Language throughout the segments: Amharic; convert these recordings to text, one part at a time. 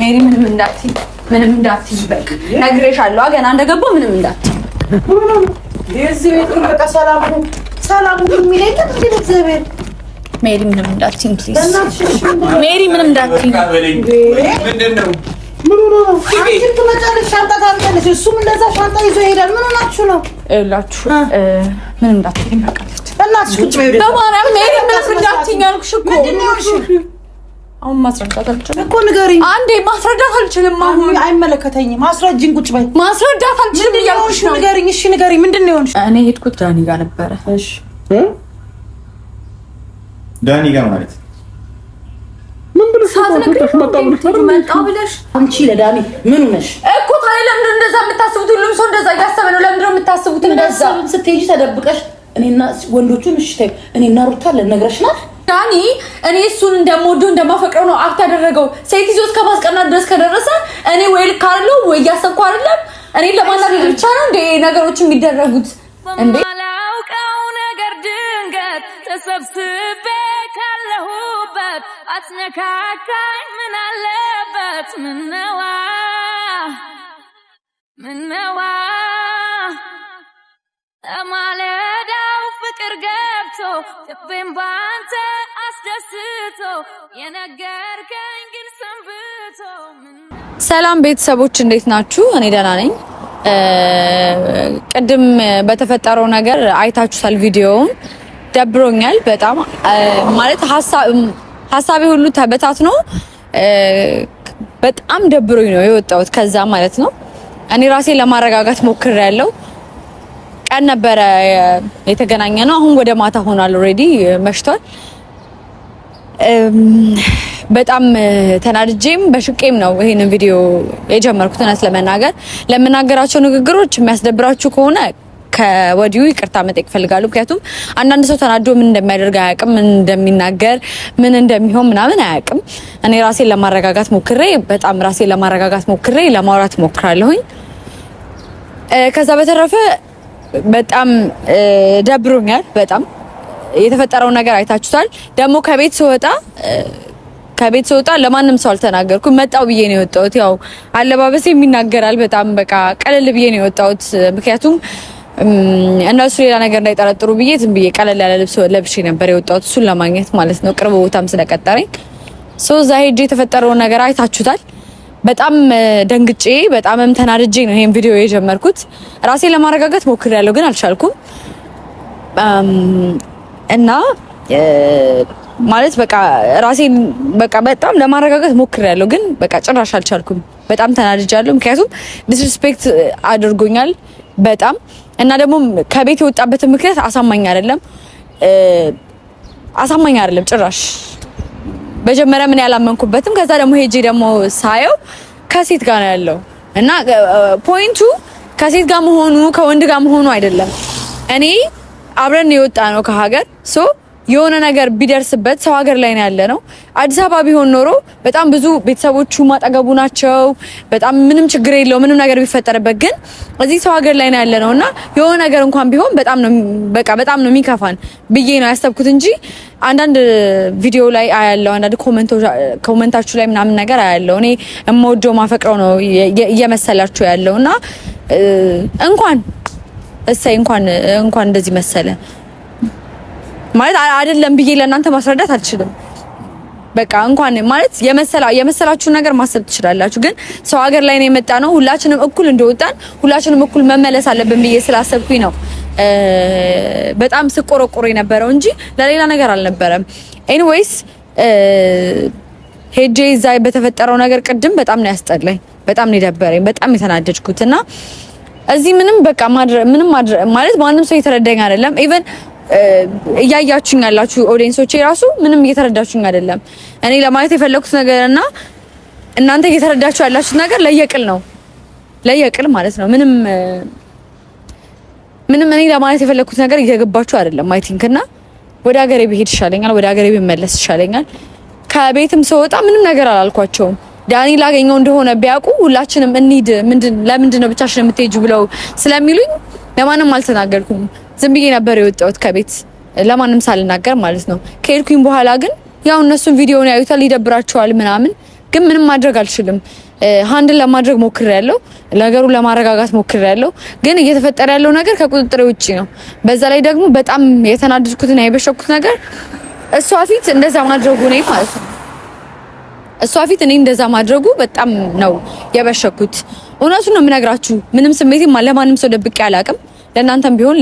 ሜሪ ምንም እንዳትይ፣ ምንም እንዳትይ። በቃ ነግሬሻለሁ፣ ገና እንደገባሁ ምንም እንዳትይ። የዚህ ቤት በቃ የሚለኝ እግዚአብሔር። ሜሪ ምንም እንዳትይ፣ ሜሪ ምንም እንዳትይ። ሻንጣ እሱም እንደዛ ሻንጣ ይዞ ይሄዳል። ምን ሆናችሁ ነው? ምንም እንዳትይ በቃ እናትሽ ቁጭ በይ። በማርያም መሄድ እንዳትረዳችኝ አልኩሽ እኮ አሁን ማስረዳት አልችልም እኮ ንገሪኝ። አንዴ ማስረዳት አልችልም። አሁን አይመለከተኝም። አስረጅኝ። ቁጭ በይ። ማስረዳት አልችልም እያልኩሽ ነው። ንገሪኝ። እሺ ንገሪኝ። ምንድን ነው የሆንሽ? እኔ ሄድኩት ዳኒ ጋር ነበረ። እሺ ዳኒ ጋር ማለት ምን ብለሽ መጣ ብለሽ አንቺ ለዳኒ ምን ነሽ እኮ ታዲያ? ለምንድን ነው እንደዛ የምታስቡት? ሁሉም ሰው እንደዛ እያሰበ ነው። ለምንድን ነው የምታስቡት እንደዛ ስትሄጂ ተደብቀሽ እኔና ወንዶቹ እሺ ተይው፣ እኔና ሩታ ልነግረሽናል። ዳኒ እኔ እሱን እንደምወደው እንደማፈቅረው ነው አክት ያደረገው። ሴት ይዞት እስከ ድረስ ከደረሰ እኔ ወይ ልክ አይደለሁ ወይ እያሰብኩ አይደለም። እኔ ለማናደድ ብቻ ነው እንደ ነገሮች የሚደረጉት። እንዴ ማላውቀው ነገር ድንገት ተሰብስቤ ካለሁበት አትነካካኝ። ምን አለበት ምነዋ ምነዋ ጭፍን ባንተ አስደስቶ የነገርከኝ ግን ሰንብቶ። ሰላም ቤተሰቦች እንዴት ናችሁ? እኔ ደህና ነኝ። ቅድም በተፈጠረው ነገር አይታችሁታል ቪዲዮውን። ደብሮኛል በጣም ማለት ሀሳቤ ሁሉ ተበታት ነው። በጣም ደብሮኝ ነው የወጣሁት ከዛ ማለት ነው። እኔ ራሴ ለማረጋጋት ሞክሬያለሁ። ቀን ነበረ የተገናኘ ነው። አሁን ወደ ማታ ሆኗል። ኦልሬዲ መሽቷል። በጣም ተናድጄም በሽቄም ነው ይሄንን ቪዲዮ የጀመርኩት። እውነት ለመናገር ለምናገራቸው ንግግሮች የሚያስደብራችሁ ከሆነ ከወዲሁ ይቅርታ መጠየቅ እፈልጋለሁ። ምክንያቱም አንዳንድ ሰው ተናዶ ምን እንደሚያደርግ አያውቅም፣ ምን እንደሚናገር ምን እንደሚሆን ምናምን አያውቅም። እኔ ራሴን ለማረጋጋት ሞክሬ በጣም ራሴን ለማረጋጋት ሞክሬ ለማውራት ሞክራለሁኝ። ከዛ በተረፈ በጣም ደብሮኛል። በጣም የተፈጠረው ነገር አይታችሁታል። ደግሞ ከቤት ስወጣ ከቤት ስወጣ ለማንም ሰው አልተናገርኩም። መጣው ብዬ ነው የወጣሁት። ያው አለባበሴ የሚናገራል። በጣም በቃ ቀለል ብዬ ነው የወጣሁት። ምክንያቱም እነሱ ሌላ ነገር እንዳይጠረጥሩ ብዬ ዝም ብዬ ቀለል ያለ ልብስ ለብሼ ነበር የወጣሁት፣ እሱን ለማግኘት ማለት ነው። ቅርብ ቦታም ስለቀጠረኝ ሰው እዛ ሄጄ የተፈጠረውን ነገር አይታችሁታል። በጣም ደንግጬ በጣምም ተናድጄ ነው ይሄን ቪዲዮ የጀመርኩት። ራሴን ለማረጋጋት ሞክሬያለሁ ግን አልቻልኩም። እና ማለት በቃ ራሴን በቃ በጣም ለማረጋጋት ሞክሬያለሁ ግን በቃ ጭራሽ አልቻልኩም። በጣም ተናድጃለሁ፣ ምክንያቱም ዲስሪስፔክት አድርጎኛል በጣም እና ደግሞ ከቤት የወጣበትን ምክንያት አሳማኝ አይደለም፣ አሳማኝ አይደለም ጭራሽ መጀመሪያ ምን ያላመንኩበትም ከዛ ደግሞ ሄጄ ደግሞ ሳየው ከሴት ጋር ነው ያለው እና ፖይንቱ ከሴት ጋር መሆኑ ከወንድ ጋር መሆኑ አይደለም። እኔ አብረን የወጣ ነው ከሀገር ሶ የሆነ ነገር ቢደርስበት ሰው ሀገር ላይ ነው ያለ ነው። አዲስ አበባ ቢሆን ኖሮ በጣም ብዙ ቤተሰቦቹ ማጠገቡ ናቸው። በጣም ምንም ችግር የለው ምንም ነገር ቢፈጠርበት። ግን እዚህ ሰው ሀገር ላይ ነው ያለ ነው እና የሆነ ነገር እንኳን ቢሆን በጣም ነው በቃ በጣም ነው የሚከፋን ብዬ ነው ያሰብኩት እንጂ አንዳንድ ቪዲዮ ላይ አያለው አንዳንድ ኮመንታችሁ ላይ ምናምን ነገር አያለው እኔ የምወደው ማፈቅረው ነው እየመሰላችሁ ያለው እና እንኳን እሰይ እንኳን እንኳን እንደዚህ መሰለ ማለት አይደለም ብዬ ለእናንተ ማስረዳት አልችልም። በቃ እንኳን ማለት የመሰላ የመሰላችሁን ነገር ማሰብ ትችላላችሁ። ግን ሰው ሀገር ላይ ነው የመጣ ነው ሁላችንም እኩል እንደወጣን ሁላችንም እኩል መመለስ አለብን ብዬ ስላሰብኩኝ ነው በጣም ስቆረቆር የነበረው እንጂ ለሌላ ነገር አልነበረም። ኤኒዌይስ ሄጄ እዛ በተፈጠረው ነገር ቅድም በጣም ነው ያስጠላኝ፣ በጣም ነው የደበረኝ፣ በጣም የተናደድኩት እና እዚህ ምንም በቃ ምንም ማለት ማንም ሰው የተረዳኝ አይደለም ኢቨን እያያችሁኝ ያላችሁ ኦዲየንሶቼ ራሱ ምንም እየተረዳችሁኝ አይደለም። እኔ ለማለት የፈለኩት ነገር እና እናንተ እየተረዳችሁ ያላችሁት ነገር ለየቅል ነው፣ ለየቅል ማለት ነው። ምንም ምንም እኔ ለማለት የፈለኩት ነገር እየገባችሁ አይደለም። አይ ቲንክ እና ወደ ሀገሬ ብሄድ ይሻለኛል፣ ወደ ሀገሬ ብመለስ ይሻለኛል። ከቤትም ስወጣ ምንም ነገር አላልኳቸውም። ዳኒ ላገኘው እንደሆነ ቢያውቁ ሁላችንም እንሂድ፣ ምንድን ለምንድን ነው ብቻሽን የምትሄጁ ብለው ስለሚሉኝ ለማንም አልተናገርኩም። ዝም ብዬ ነበር የወጣሁት ከቤት ለማንም ሳልናገር ማለት ነው። ከሄድኩኝ በኋላ ግን ያው እነሱን ቪዲዮውን ያዩታል፣ ይደብራቸዋል ምናምን ግን ምንም ማድረግ አልችልም። ሀንድን ለማድረግ ሞክር ያለው ነገሩን ለማረጋጋት ሞክር ያለው ግን እየተፈጠረ ያለው ነገር ከቁጥጥር ውጭ ነው። በዛ ላይ ደግሞ በጣም የተናደድኩትና የበሸኩት ነገር እሷ ፊት እንደዛ ማድረጉ ነው ማለት ነው። እሷ ፊት እኔ እንደዛ ማድረጉ በጣም ነው የበሸኩት። እውነቱን ነው የምነግራችሁ። ምንም ስሜቴ ለማንም ሰው ደብቄ አላቅም። ለእናንተም ቢሆን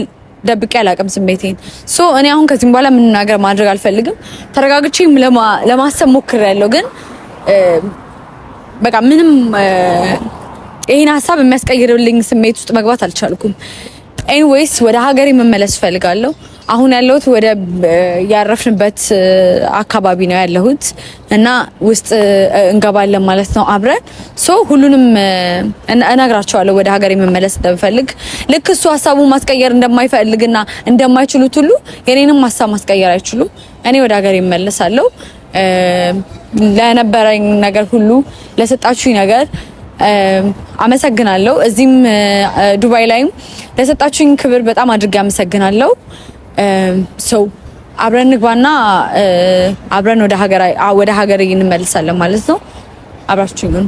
ደብቄ አላቅም ስሜቴን። ሶ እኔ አሁን ከዚህም በኋላ ምን ነገር ማድረግ አልፈልግም። ተረጋግቼም ለማሰብ ሞክሬያለሁ፣ ግን በቃ ምንም ይሄን ሀሳብ የሚያስቀይርልኝ ስሜት ውስጥ መግባት አልቻልኩም። ኤኒዌይስ ወደ ሀገሬ መመለስ እፈልጋለሁ። አሁን ያለሁት ወደ ያረፍንበት አካባቢ ነው ያለሁት እና ውስጥ እንገባለን ማለት ነው አብረን። ሶ ሁሉንም እነግራቸዋለሁ ወደ ሀገር የመመለስ እንደምፈልግ ልክ እሱ ሀሳቡ ማስቀየር እንደማይፈልግና እንደማይችሉት ሁሉ የኔንም ሀሳብ ማስቀየር አይችሉም። እኔ ወደ ሀገር ይመለሳለሁ። ለነበረኝ ነገር ሁሉ ለሰጣችሁኝ ነገር አመሰግናለሁ። እዚህም ዱባይ ላይም ለሰጣችሁኝ ክብር በጣም አድርጌ አመሰግናለሁ። ሰው um, አብረን እንግባና uh, አብረን ወደ ሀገር ወደ ሀገር እንመልሳለን ማለት ነው። አብራችሁኝ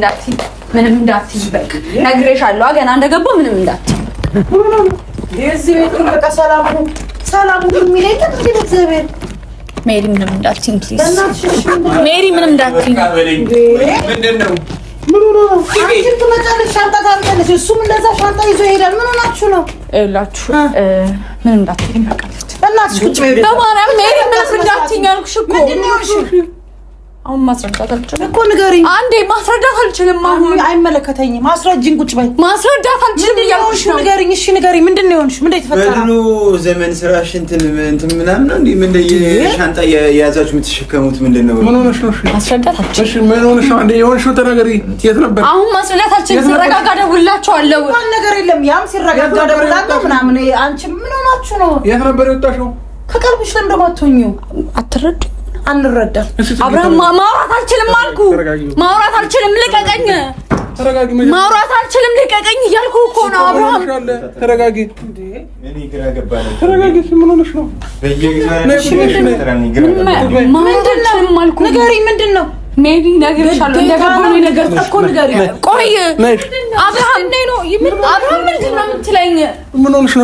እንዳትይ፣ ምንም እንዳትይ። በቃ ነግሬሻለሁ። ገና እንደገባሁ ምንም እንዳትይ። የዚህ ቤት በቃ እግዚአብሔር ሜሪ ምንም እንዳትዪ፣ ሜሪ ምንም ሻንጣ እሱም እንደዛ ሻንጣ ይዞ ይሄዳል። ምን ሆናችሁ ነው? ምንም በማርያም ሜሪ ምንም አልኩሽ እኮ አሁን ማስረዳት አልችልም እኮ ንገሪኝ። አንዴ ማስረዳት አልችልም። አሁን አይመለከተኝም። አስረጅኝ። ቁጭ በይ። ማስረዳት አልችልም እያልኩሽ ነው። ንገሪኝ። እሺ ንገሪኝ። ምንድን ነው የሆንሽ? ምንድን ነው የተፈጠረው? በድሮ ዘመን ስራሽ እንትን እንትን ምናምን ነው ምንድን የሻንጣ ሻንጣ የያዛችሁ የምትሸከሙት? ምንድን ነው? ምን ሆነሽ ነው? ማስረዳት አልችልም። እሺ ምን ሆነሽ ነው? አንዴ የሆንሽው ተናገሪ። የት ነበር? አሁን ማስረዳት አልችልም። ሲረጋጋ ደውልላችኋለሁ። ማን ነገር የለም። ያም ሲረጋጋ ደውላለሁ ምናምን። አንቺ ምን ሆናችሁ ነው? የት ነበር የወጣሽው? ከቀልብሽ ለምን ደግሞ አንረዳም። አብርሃም ማውራት አልችልም አልኩ። ማውራት አልችልም ልቀቀኝ። ማውራት አልችልም ልቀቀኝ እያልኩ እኮ ነው። አብርሃም ተረጋጊ። ምንድን ነው? ሜቢ ነግሬሻለሁ። እንደገባሁ ነገር እኮ ንገሪኝ። ቆይ አብርሃም ነይ ነው አብርሃም ምንድን ነው የምትለኝ? ምን ሆነሽ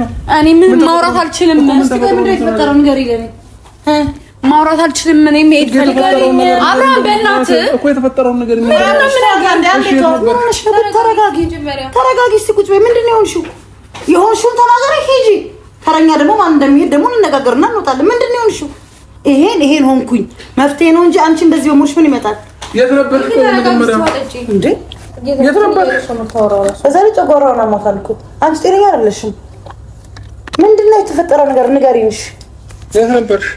ነው? እኔ ምን ማውራት አልችልም። ምንድን ነው የተፈጠረው? ንገሪኝ ማውራት አልችልም። ምን የሚሄድ ፈልጋለኝ አብርሃም፣ በእናትህ እኮ የተፈጠረውን ነገር ምን ተረጋጊ፣ እስኪ ቁጭ በይ። ምንድን ነው የሆንሽው? የሆንሽውን ተናገሪ፣ ሂጂ። ተረኛ ደግሞ ማን እንደሚሄድ ደግሞ እንነጋገርና እንወጣለን። ምንድን ነው የሆንሽው? ይሄን ይሄን ሆንኩኝ መፍትሄ ነው እንጂ አንቺ እንደዚህ በሞች ምን ይመጣል? የት ነበር እንዴ? የት ነበር? እዛ ላይ ጨጓራውን አማካል አንቺ ጤነኛ አይደለሽም። ምንድን ነው የተፈጠረው ነገር ንገሪኝ። እሺ የት ነበርሽ?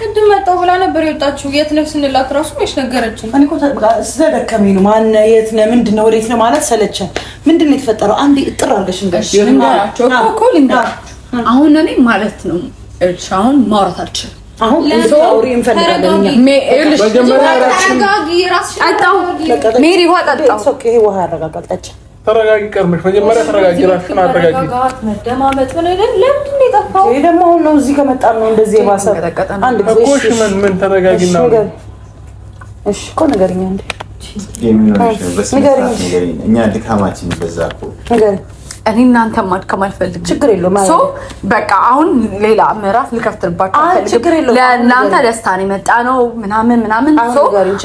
ቅድም መጣሁ ብላ ነበር የወጣችው። የት ነህ ስንላት ራሱ መች ነገረችን። እኔ እኮ ስለደከመኝ ነው። ማነህ? የት ነህ? ምንድን ነው? ወዴት ነው ማለት ሰለቸን። ምንድን ነው የተፈጠረው? አንዴ እጥር አድርገሽ አሁን እኔ ማለት ነው አሁን ማውራት አልችልም። አሁን ሪ እንፈልጋለን። ሜሪ ውሃ ጠጣሁ። ይሄ ውሃ ያረጋጋል። ተረጋጊ። ቀድመሽ መጀመሪያ ተረጋጊ፣ እራስሽን አረጋጊ። ምን አይደል? ነው ይሄ ነው እዚህ ከመጣን ነው እንደዚህ አንድ ጊዜ እሺ፣ ምን ምን ተረጋጊና፣ እሺ እኮ ንገሪኝ፣ አንዴ ንገሪኝ፣ እኛ ድካማችን በዛ እኮ ንገሪኝ እኔ እናንተ ማድከም አልፈልግም። ችግር የለውም። በቃ አሁን ሌላ ምዕራፍ ልከፍትባቸው አልፈልግም። ለእናንተ ደስታ ነው የመጣ ነው ምናምን ምናምን።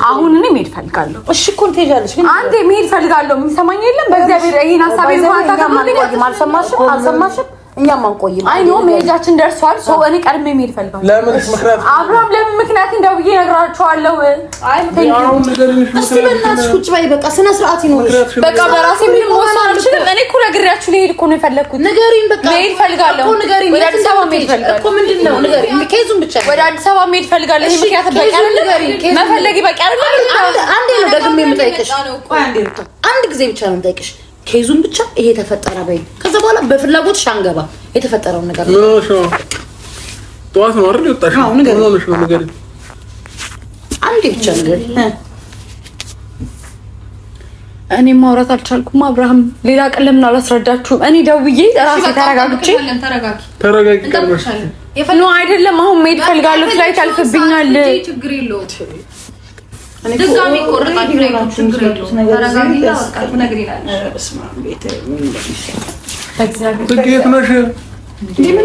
አሁን እኔ መሄድ ፈልጋለሁ። እሺ እኮ ትሄጃለሽ፣ ግን አንዴ መሄድ ፈልጋለሁ። የሚሰማኝ የለም። በእግዚአብሔር ይሄን ሀሳብ አልሰማሽም? አልሰማሽም እኛም አንቆይም። አይ ኖ መሄጃችን ደርሷል። ሰው እኔ ቀድሜ መሄድ ፈልጋለሁ። ለምን ምክንያት አብርሃም ለምን ምክንያት እንደው ብዬ እነግራቸዋለሁ። አይ እስቲ በእናትሽ ቁጭ በይ። በቃ ስነ ስርዓት ይኖርሽ። በቃ በራሴ ምንም ወሰን አልችልም። እኔ እኮ ነግሬያችሁ ልሄድ እኮ ነው የፈለግኩት። ንገሪኝ፣ በቃ መሄድ ፈልጋለሁ እኮ ንገሪኝ። ወደ አዲስ አበባ መሄድ ፈልጋለሁ እኮ ምንድን ነው ንገሪኝ። ኬዙን ብቻ ወደ አዲስ አበባ መሄድ ፈልጋለሁ። ይሄ ምክንያት በቃ አይደለም፣ መፈለጊ በቃ አይደለም። አንዴ ነው ደግሜ የምጠይቅሽ፣ አንድ ጊዜ ብቻ ነው የምጠይቅሽ ኬዙን ብቻ ይሄ ተፈጠረ በይ። ከዛ በኋላ በፍላጎት ሻንገባ የተፈጠረው ነገር ነው። ጠዋት ነው አይደል የወጣሽው? አንዴ ብቻ ነገር እኔ ማውራት አልቻልኩም። አብርሃም ሌላ ቀን ለምን አላስረዳችሁም? እኔ ደውዬ ራሴ ተረጋግቼ ተረጋጊ ቀርበሽ አይደለም አሁን መሄድ ፈልጋለሁ። ፍላይት አልፍብኛል። ድጋሚ ቆረጣችሁ ላይ ችግር የለውም። ተረጋጊና ምን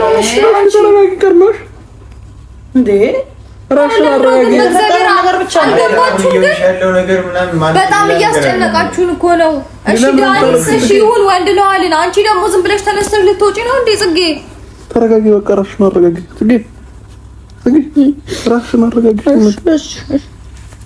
ሆነሽ ነው? አንቺ እንዴ በጣም እያስጨነቃችሁን እኮ ነው። እሺ ይሁን ወንድ ነው አልን። አንቺ ደግሞ ዝም ብለሽ ተነስተሽ ልትወጪ ነው እንዴ? ጽጌ ተረጋጊ። በቃ አረጋጊ። ጽጌ ጽጌ አረጋጊ።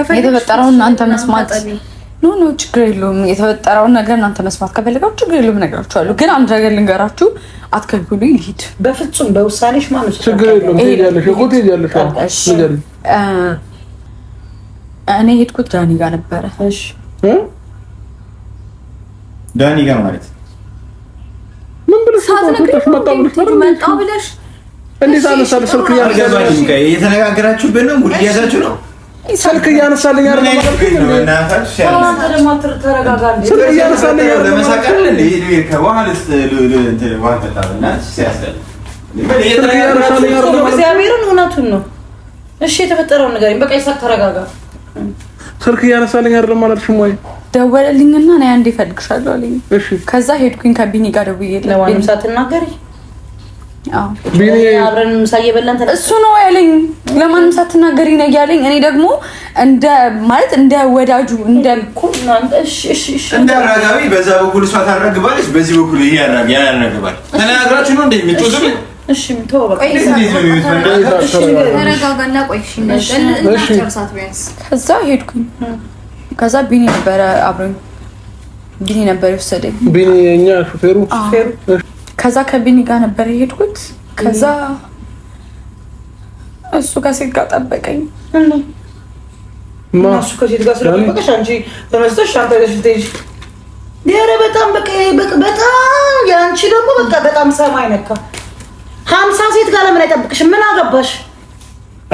የተፈጠረው እናንተ መስማት ኖ ኖ ችግር የለውም። የተፈጠረውን ነገር እናንተ መስማት ከፈለጋችሁ ችግር የለውም፣ እነግራችኋለሁ። ግን አንድ ነገር ልንገራችሁ፣ አትከልክሉ። ይሄድ በፍጹም በውሳኔሽ ማለት እኔ ሄድኩት ዳኒ ጋር ነበረ። እሺ ዳኒ ጋር ማለት ምን ብለሽ መጣ ብለሽ እንዴት አነሳለሁ ስልክ እያለ የተነጋገራችሁበት ነው፣ ጉድ እያዛችሁ ነው ስልክ እያነሳልኝ እግዚአብሔርን ነው። እሺ የተፈጠረውን ነገር አይደለም አላልሽም ወይ? ደወለልኝና ና አንዴ እፈልግሻለሁ አለኝ። ከዛ ሄድኩኝ ከቢኒ ጋር ደውዬ ለማንም ሳትናገሪ እሱ ነው ያለኝ። ለማንም ሳትናገሪ ነው ያለኝ። እኔ ደግሞ እንደ ማለት እንደ ወዳጁ እንደ እንደ አራጋቢ በዛ በኩል እሷ ታረግባለች፣ በዚህ በኩል ይሄ ያራግባል። ተናግራችሁ ነው እንደ የሚጮዙት። እሺ ከዛ ሄድኩኝ። ከዛ ቢኒ ነበረ አብረኝ ቢኒ ነበር የወሰደኝ ቢኒ ሹፌሩ ከዛ ከቢኒ ጋር ነበር የሄድኩት። ከዛ እሱ ጋር ሴት ጋር ጠበቀኝ። እሱ ከሴት ጋር ስለጠበቀሽ አንቺ ተነስተሽ አንተ ሽ ኧረ በጣም በቃ በጣም የአንቺ ደግሞ በቃ በጣም ሰማይ ነካ። ሀምሳ ሴት ጋር ለምን አይጠብቅሽም? ምን አገባሽ?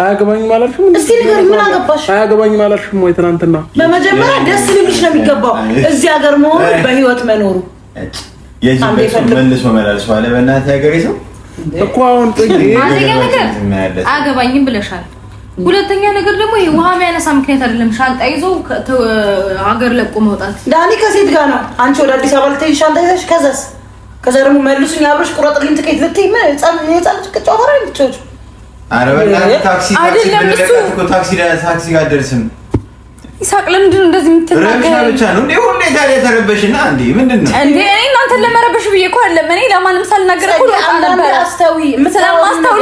አያገባኝም አላልሽም? እስቲ ንገሪኝ፣ ምን አገባሽ? አያገባኝም አላልሽም ወይ? ትናንትና በመጀመሪያ ደስ ሊልሽ ነው የሚገባው እዚህ ሀገር መሆኑ በህይወት መኖሩ መልሶ መላለስ ዋለ። በእናትህ ያገሬ ሰው እኮ አሁን አንደኛ ብለሻል። ሁለተኛ ነገር ደግሞ ይሄ ውሃ የሚያነሳ ምክንያት አይደለም። ሻንጣ ይዞ ሀገር ለቆ መውጣት ዳኒ ከሴት ጋር ነው። አንቺ ወደ አዲስ አበባ ልትሄጂ ሻንጣ ይዘሽ ከዛስ ከዛ ደግሞ መልሱኝ አብረሽ ቁረጥልኝ ትኬት ልትይ ምን ጻም የጻም ቅጫ ታክሲ ታክሲ ታክሲ ጋር ደርስም ይሳቅ ለምንድን ነው እንደዚህ የምትናገረው? ብቻ ነው እንዴ? ሁሌ ታዲያ ተረበሽና እንዴ? ምንድን ነው እንዴ? እኔ እናንተን ለመረበሽ ብዬ እኮ አይደለም። እኔ ለማንም ሳልናገር እኮ አስተዊ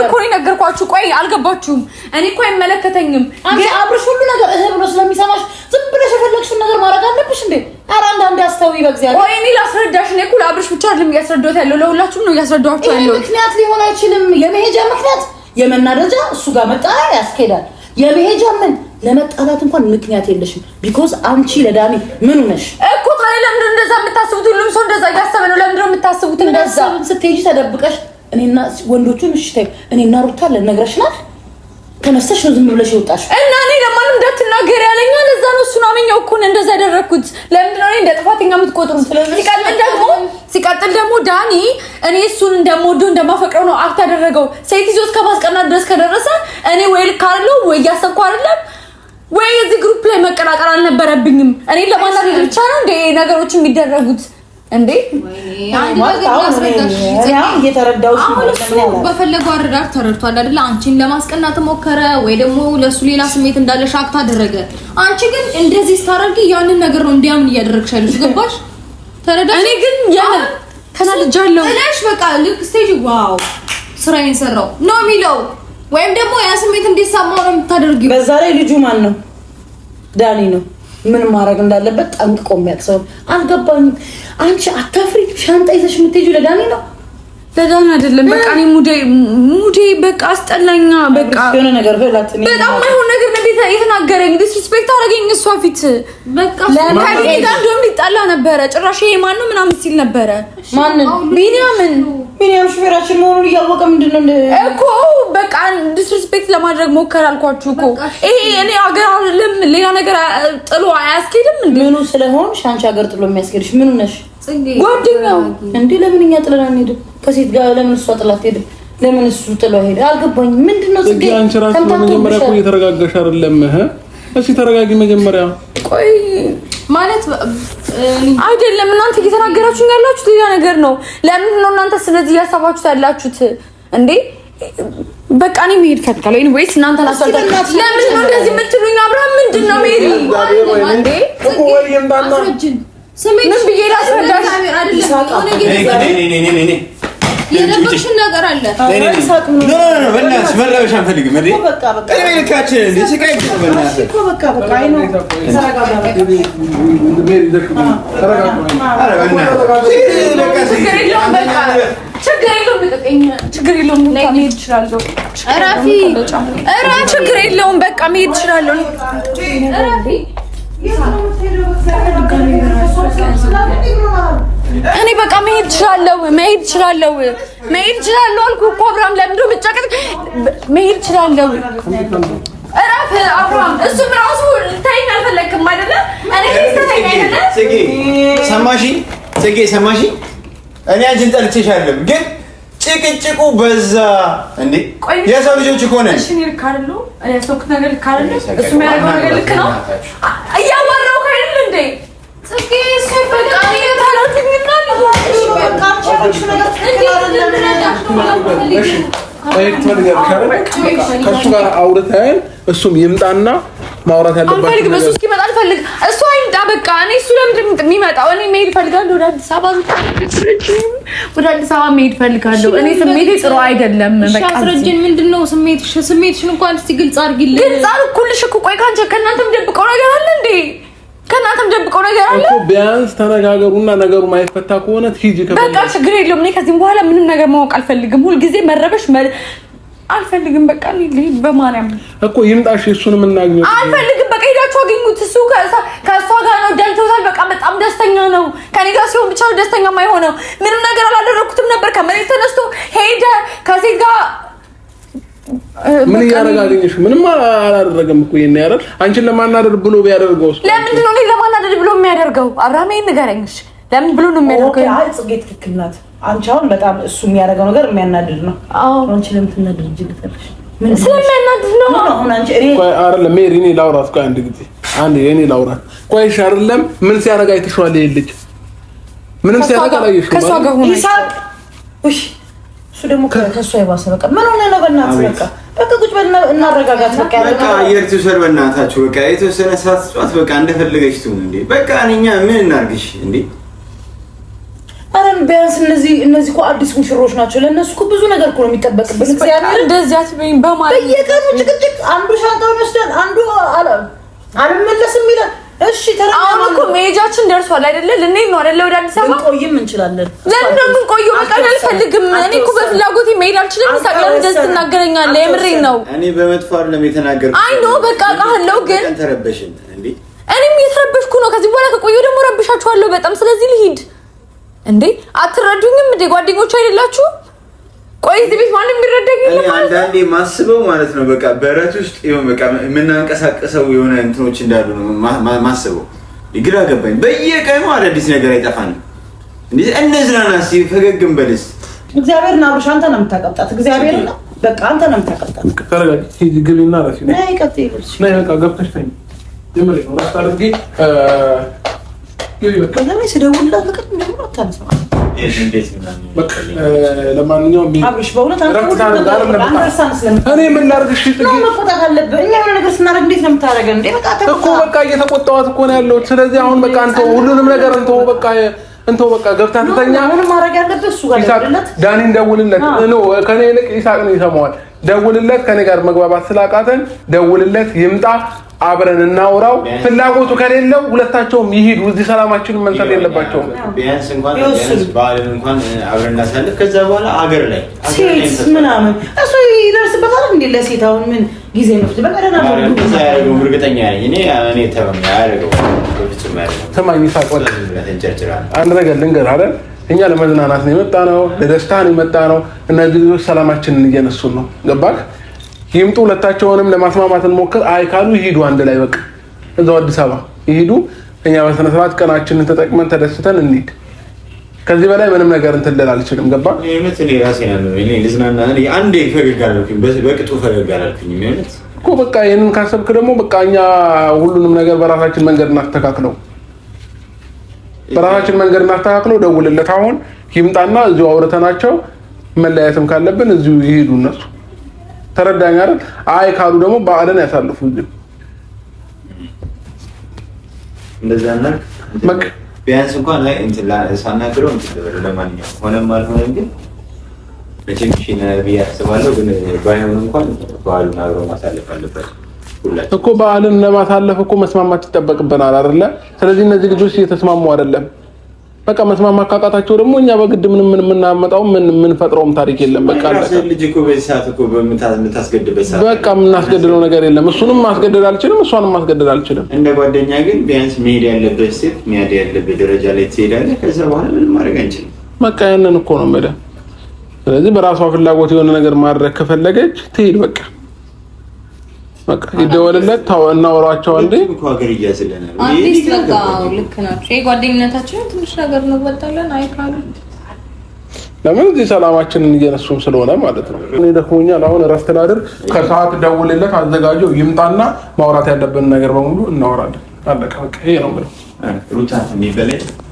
እኮ ነው ነገርኳችሁ። ቆይ አልገባችሁም። እኔ እኮ አይመለከተኝም። ግን አብርሽ ሁሉ ነገር እህ ብሎ ስለሚሰማሽ ዝም ብለሽ የፈለግሽውን ነገር ማድረግ አለብሽ እንዴ? አንዳንዴ አስተዊ በእግዚአብሔር። ቆይ እኔ ላስረዳሽ። እኔ እኮ ለአብርሽ ብቻ አይደለም እያስረዳሁት ያለው ለሁላችሁም ነው እያስረዳኋችሁ ያለው። ምክንያት ሊሆን አይችልም። የመሄጃ ምክንያት የመናደጃ እሱ ጋር መጣ ያስኬዳል። የመሄጃ ምን ለመጣላት እንኳን ምክንያት የለሽም። ቢኮዝ አንቺ ለዳኒ ምኑ ነሽ እኮ። ታዲያ ለምንድን እንደዛ የምታስቡት? ሁሉም ሰው እንደዛ እያሰበ ነው። ለምንድን ነው የምታስቡት? እንደዛ ስትሄጂ ተደብቀሽ እኔና ወንዶቹን እሺ ተይው፣ እኔና ሩታ ልነግረሽናል። ተነስተሽ ነው ዝም ብለሽ ይወጣሽ እና እኔ ለማንም እንዳትናገር ያለኛ ለዛ ነው። እሱን አመኛው እኮ እንደዛ ያደረግኩት። ለምንድን ነው እኔ እንደ ጥፋተኛ የምትቆጥሩት? ሲቀጥል ደግሞ ሲቀጥል ደግሞ ዳኒ እኔ እሱን እንደምወደው እንደማፈቅረው ነው አክት ያደረገው። ሴት ይዞት እስከ ድረስ ከደረሰ እኔ ወይ ልክ አይደለሁ ወይ እያሰብኩ አይደለም ወይ እዚህ ግሩፕ ላይ መቀላቀል አልነበረብኝም። እኔ ለማናደድ ብቻ ነው እንደ ነገሮች የሚደረጉት እንዴ? አሁን በፈለገው አረዳድ ተረድቷል አይደለ? አንቺን ለማስቀናት ሞከረ ወይ ደግሞ ለእሱ ሌላ ስሜት እንዳለ ሻክታ አደረገ። አንቺ ግን እንደዚህ ስታደርጊ ያንን ነገር ነው እንዲያምን እያደረግሽ ያለሽ። ገባሽ? ተረዳሽ? እኔ ግን ያ ተናድጃለሁ። በቃ ልክ ስቴጅ ዋው ስራዬን ሰራው ነው የሚለው ወይም ደግሞ ያ ስሜት እንዲሰማው ነው የምታደርጊው። በዛ ላይ ልጁ ማን ነው? ዳኒ ነው። ምን ማድረግ እንዳለበት ጠንቅቆ የሚያውቅ ሰው አልገባኝም። አንቺ አታፍሪ። ሻንጣ ይዘሽ የምትሄጂው ለዳኒ ነው? ለዳኒ አይደለም። በቃ እኔ ሙዴ ሙዴ በቃ አስጠላኛ። በቃ የሆነ ነገር በላት። በጣም አይሆን ነገር ነው የተናገረኝ። ዲስሪስፔክት አደረገኝ እሷ ፊት። በቃ ከቢኒ ጋር እንደውም ሊጣላ ነበረ። ጭራሽ ይሄ ማን ነው ምናምን ሲል ነበረ። ማንን? ቢኒያምን ሚኒያም ሹፌራችን መሆኑን እያወቀ ምንድን ነው እኮ በቃ ዲስሪስፔክት ለማድረግ ሞከር አልኳችሁ እኮ። ይሄ እኔ ሀገር አይደለም ሌላ ነገር ጥሎ አያስኬድም። እንደ ምኑ ስለሆን ሻንቺ ሀገር ጥሎ የሚያስኬድሽ ምኑ ነሽ? ጓደኛው እንዴ! ለምን እኛ ጥለን አንሄድም? ከሴት ጋር ለምን እሷ ጥላት ሄድም? ለምን እሱ ጥሎ ሄደ? አልገባኝ። ምንድን ነው ጽጌ፣ አንቺ ራስሽ መጀመሪያ እኮ እየተረጋጋሽ አይደለም። እሺ ተረጋጊ መጀመሪያ። ቆይ ማለት አይደለም። እናንተ እየተናገራችሁ ያላችሁት ሌላ ነገር ነው። ለምን ነው እናንተ ስለዚህ እያሰባችሁት ያላችሁት እንዴ? በቃ እኔ መሄድ ፈልጋለሁ። ኤኒዌይስ እናንተ ናችሁ። ለምን ነው እንደዚህ የምትሉኝ? አብርሃም ምንድን ነው መሄድ እንዴ? ምን ብዬ ላስረዳሽ የደበቅሽን ነገር አለ። በእናትሽ መረበሻ ችግር የለውም በቃ መሄድ እችላለሁ። እኔ በቃ መሄድ እችላለሁ፣ መሄድ እችላለሁ፣ መሄድ እችላለሁ አልኩህ እኮ አብርሃም። ለምንድን ነው የምትጨቅጭቅ? መሄድ እችላለሁ። እረፍ አብርሃም። እሱም እራሱ ልታይኝ አልፈለግክም አይደለ? እኔ ጽጌ ሰማሽኝ፣ ጽጌ ሰማሽኝ። እኔ አንቺን ጠልቼሽ ግን ጭቅጭቁ በዛ እንዴ? የሰው ልጆች እኮ ነን። እሺ ልክ አይደለሁ። እኔ ሰው ነገር ልክ አይደለሁ። እሱ የሚያደርገው ነገር ልክ ነው። እያወራሁ አይደል እንዴ ጽጌ? በቃ ከእሱ ጋር አውርተን እሱም ይምጣና ማውራት ያለባችሁ እሱ እስኪመጣ አልፈልግ እሱ አይምጣ በቃ እኔ እሱ ለምንድን የሚመጣው እኔ መሄድ እፈልጋለሁ ወደ አዲስ አበባ ወደ አዲስ አበባ መሄድ እፈልጋለሁ እኔ ስሜቴ ጥሩ አይደለም አስረጅን ምንድን ነው ስሜትሽ ስሜትሽን እንኳን እስኪ ግልጽ አድርጊልኝ ግልጽ አልኩልሽ እኮ ቆይ ከአንቺ ከእናንተም ደብቀው ነገር አለ እንዴ ከእናንተም ደብቀው ነገር አለ። ቢያንስ ተነጋገሩና ነገሩ ማይፈታ ከሆነ ሂጂ። በቃ ችግር የለውም። እኔ ከዚህም በኋላ ምንም ነገር ማወቅ አልፈልግም። ሁልጊዜ መረበሽ አልፈልግም። በቃ በማርያም እኮ ይምጣሽ፣ እሱንም እናግኘው አልፈልግም። በቃ ሄዳችሁ አገኙት። እሱ ከእሷ ጋር ነው ደልቶታል። በቃ በጣም ደስተኛ ነው። ከኔ ጋር ሲሆን ብቻ ነው ደስተኛ የማይሆነው። ምንም ነገር አላደረኩትም ነበር። ከመሬት ተነስቶ ሄደ። ምን እያረጋገኘሽ? ምንም አላደረገም እኮ ይሄን ያደርግ አንቺን ለማናደድ ብሎ ቢያደርገው ለምንድን ነው እኔን ለማናደድ ብሎ የሚያደርገው? አብርሃም ይሄን ንገረኝ። እሺ ለምን ብሎ ነው የሚያደርገው? አይ ጽጌ ትክክል ናት። አንቺ አሁን በጣም እሱ የሚያደርገው ነገር የሚያናድድ ነው። አዎ አንቺ ለምትናደድ እጅግ ትፈልሽ ነው። አሁን አንቺ አንድ አንድ ምን ሲያደርግ ይሄ ልጅ ምንም ይሳቅ። ምን ሆነ ነው በቃ ቁጭ በል እናረጋጋት። በቃ በቃ አየር ትውሰድ በእናታችሁ። በቃ የተወሰነ ሰዓት ስጧት። በቃ እንደፈለገች ትሁን እንዴ። በቃ እኛ ምን እናርግሽ እንዴ? አረን ቢያንስ እነዚህ እነዚህ እኮ አዲስ ሙሽሮች ናቸው። ለእነሱ እኮ ብዙ ነገር እኮ ነው የሚጠበቅብን። እግዚአብሔር እንደዚያ ትበይኝ በማለት በየቀኑ ጭቅጭቅ፣ አንዱ ሻንጣውን ይወስዳል፣ አንዱ አልመለስም ይላል። እሺ አሁን እኮ መሄጃችን ደርሷል አይደለ? ልንሄድ ነው አይደለ? ወደ አዲስ አበባ ቆይም እንችላለን። ለምን ነው የምንቆየው? በቃ አልፈልግም። እኔ እኮ በፍላጎቴ መሄድ አልችልም። ሳቅለን ደስ ትናገረኛለህ። የምሬን ነው። እኔ በመጥፎ አይደለም የተናገርኩት። አይ ኖ በቃ ቃለው ግን ተረበሽን እንዴ? እኔም እየተረበሽኩ ነው። ከዚህ በኋላ ከቆየሁ ደግሞ ረብሻችኋለሁ በጣም። ስለዚህ ልሂድ እንዴ? አትረዱኝም እንዴ? ጓደኞቹ አይደላችሁ ቆይ እዚህ ቤት ማንም የሚረዳኝ የለም። አንዳንዴ ማስበው ማለት ነው በቃ በረት ውስጥ ይሁን በቃ የምናንቀሳቀሰው የሆነ እንትኖች እንዳሉ ነው ማስበው። ግራ ገባኝ። በየቀኑ አዳዲስ ነገር አይጠፋንም። እንዴ እንዝናና እስኪ ፈገግም በልስ እግዚአብሔር ነው አንተ ነው የምታቀብጣት። እግዚአብሔር ነው በቃ አንተ ነው የምታቀብጣት። ተረጋግጥ። ግቢና ለማንኛውም እኔ ነገር ነው በቃ እየተቆጣዋት እኮ ነው ያለሁት። ስለዚህ አሁን በቃ እንተው፣ ሁሉንም ነገር እንተው፣ በቃ እንተው፣ በቃ ገብታ ትተኛ። ዳኒ እንደውልለት ነው። ይልቅ ይሳቅ ነው ይሰማዋል። ደውልለት። ከኔ ጋር መግባባት ስላቃተን ደውልለት፣ ይምጣ፣ አብረን እናውራው። ፍላጎቱ ከሌለው ሁለታቸውም ይሄዱ። እዚህ ሰላማችንን መንሳት የለባቸውም። ቢያንስ እንኳን ቢያንስ በዓልን እንኳን አብረን እናሳልፍ። ከዛ በኋላ አገር ላይ ሴት ምናምን እሱ ይደርስበታል። እንዲ ለሴት አሁን ምን ጊዜ መፍት በቀደና ያደረገው እርግጠኛ ነኝ እኔ እኔ ተመ ያደረገው ስማኝ ይሳቅ አንድ ነገር ልንገር አለን እኛ ለመዝናናት ነው የመጣ ነው፣ ለደስታ ነው የመጣ ነው። እነዚህ ልጆች ሰላማችንን እየነሱን ነው። ገባክ? ይምጡ፣ ሁለታቸውንም ለማስማማት እንሞክር። አይ ካሉ ይሂዱ፣ አንድ ላይ በቃ እዛው አዲስ አበባ ይሂዱ። እኛ በስነ ስርዓት ቀናችንን ተጠቅመን ተደስተን እንሂድ። ከዚህ በላይ ምንም ነገር እንትን ልል አልችልም። ገባ? እኔ እኮ። በቃ ይህንን ካሰብክ ደግሞ በቃ እኛ ሁሉንም ነገር በራሳችን መንገድ እናስተካክለው። በራሳችን መንገድ እናስተካክለው። ደውልለት አሁን ይምጣና እዚሁ አውርተናቸው መለያየትም ካለብን እዚሁ ይሄዱ እነሱ። ተረዳኝ አይደል? አይ ካሉ ደግሞ በዓልን ያሳልፉ እዚሁ እንደዛና ቢያንስ እንኳን ላይ ሳናግረው ለማንኛውም ሆነም አልሆነም ግን መቼም ሺ ብዬ አስባለሁ። ግን ባይሆን እንኳን በዓሉን አብረው ማሳለፍ አለበት። እኮ በዓልን ለማሳለፍ እኮ መስማማት ይጠበቅብናል አይደለ? ስለዚህ እነዚህ ልጆች እየተስማሙ አይደለም። በቃ መስማማት ካቃታቸው ደግሞ እኛ በግድ ምን የምናመጣው የምንፈጥረውም ታሪክ የለም። በቃ በቃ የምናስገድለው ነገር የለም። እሱንም ማስገደድ አልችልም፣ እሷንም ማስገደድ አልችልም። እንደ ጓደኛ ግን ቢያንስ መሄድ ያለበት ሴት መሄድ ያለበት ደረጃ ላይ ትሄዳለህ። ከዛ በኋላ ምን ማድረግ አንችልም። በቃ ያንን እኮ ነው። ስለዚህ በራሷ ፍላጎት የሆነ ነገር ማድረግ ከፈለገች ትሄድ በቃ በቃ ይደወልለት፣ እናወራቸው። አንዴ ጓደኝነታችን ትንሽ ነገር እንበልጣለን። አይ ካሉ ለምን እዚህ ሰላማችንን እየነሱም ስለሆነ ማለት ነው። እኔ ደክሞኛል፣ አሁን እረፍት ላድር። ከሰዓት ደውልለት፣ አዘጋጀው፣ ይምጣና ማውራት ያለብን ነገር በሙሉ እናወራለን። አለቀ። በቃ ይሄ ነው የምልህ።